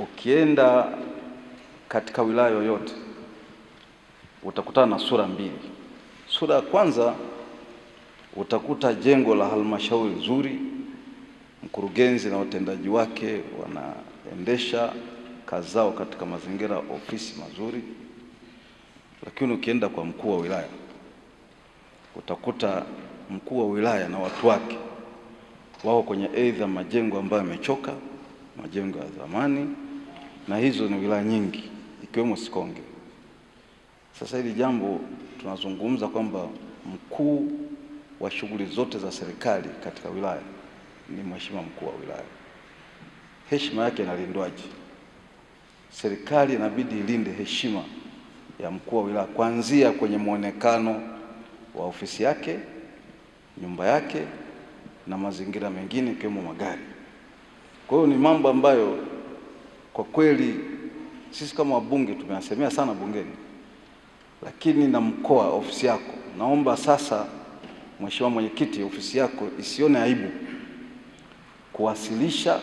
ukienda katika wilaya yoyote utakutana na sura mbili. Sura ya kwanza utakuta jengo la halmashauri nzuri, mkurugenzi na watendaji wake wanaendesha kazi zao katika mazingira ofisi mazuri. Lakini ukienda kwa mkuu wa wilaya utakuta mkuu wa wilaya na watu wake wako kwenye aidha majengo ambayo yamechoka, majengo ya zamani na hizo ni wilaya nyingi ikiwemo Sikonge. Sasa hili jambo tunazungumza kwamba mkuu wa shughuli zote za serikali katika wilaya ni mheshimiwa mkuu wa wilaya. Heshima yake inalindwaje? Serikali inabidi ilinde heshima ya mkuu wa wilaya kuanzia kwenye mwonekano wa ofisi yake, nyumba yake na mazingira mengine ikiwemo magari. Kwa hiyo ni mambo ambayo kwa kweli sisi kama wabunge tumewasemea sana bungeni, lakini na mkoa, ofisi yako, naomba sasa, mheshimiwa mwenyekiti, ofisi yako isione aibu kuwasilisha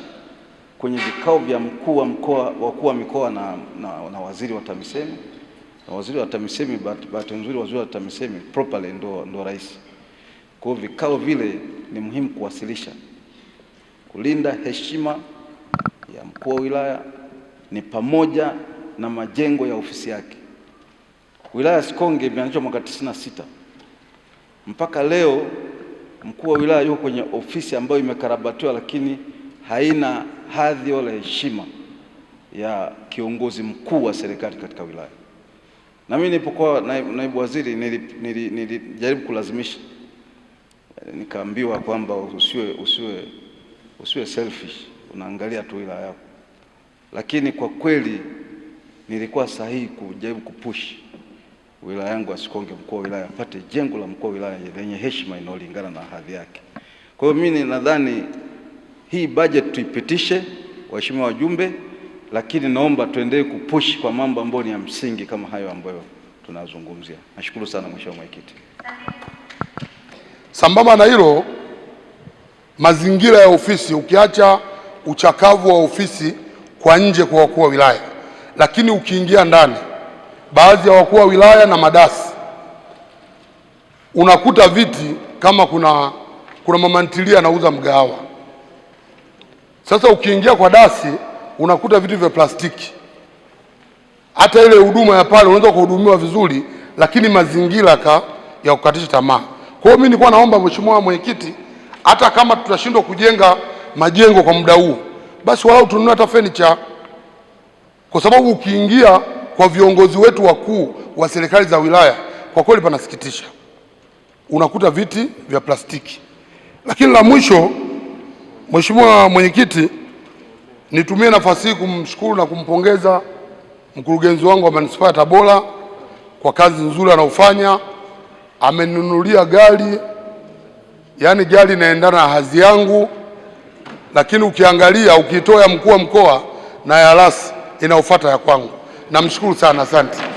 kwenye vikao vya mkuu wa mkoa, wakuu wa mikoa na, na, na waziri wa TAMISEMI na waziri wa TAMISEMI, bahati nzuri waziri wa TAMISEMI properly ndo, ndo rais. Kwa hiyo vikao vile ni muhimu kuwasilisha, kulinda heshima ya mkuu wa wilaya ni pamoja na majengo ya ofisi yake. Wilaya ya Sikonge imeanzishwa mwaka sita mpaka leo mkuu wa wilaya yuko kwenye ofisi ambayo imekarabatiwa, lakini haina hadhi wala heshima ya kiongozi mkuu wa serikali katika wilaya. Na mimi nilipokuwa naibu waziri nilijaribu kulazimisha, nikaambiwa kwamba usiwe usiwe usiwe selfish tunaangalia tu ila yako, lakini kwa kweli nilikuwa sahihi kujaribu kupush wilaya yangu Asikonge, mkuu wa wilaya apate jengo la mkuu wa wilaya lenye heshima inayolingana na hadhi yake. Kwa hiyo mimi nadhani hii bajeti tuipitishe, waheshimiwa wajumbe, lakini naomba tuendelee kupush kwa mambo ambayo ni ya msingi kama hayo ambayo tunazungumzia. Nashukuru sana mheshimiwa mwenyekiti. Sambamba na hilo, mazingira ya ofisi ukiacha uchakavu wa ofisi kwa nje kwa wakuu wa wilaya, lakini ukiingia ndani, baadhi ya wakuu wa wilaya na madasi unakuta viti kama kuna, kuna mama ntilia anauza mgahawa. Sasa ukiingia kwa dasi unakuta viti vya plastiki. Hata ile huduma ya pale unaweza kuhudumiwa vizuri, lakini mazingira ka ya kukatisha tamaa. Kwa hiyo mimi nilikuwa naomba mheshimiwa mwenyekiti, hata kama tutashindwa kujenga majengo kwa muda huu, basi walau tununue hata fenicha, kwa sababu ukiingia kwa viongozi wetu wakuu wa serikali za wilaya, kwa kweli panasikitisha, unakuta viti vya plastiki. Lakini la mwisho, Mheshimiwa Mwenyekiti, nitumie nafasi hii kumshukuru na kumpongeza mkurugenzi wangu wa manispaa ya Tabora kwa kazi nzuri anaofanya. Amenunulia gari, yaani gari inaendana na hadhi yangu lakini ukiangalia ukitoa ya mkuu wa mkoa na ya rasi ya kwangu. Namshukuru sana, asante.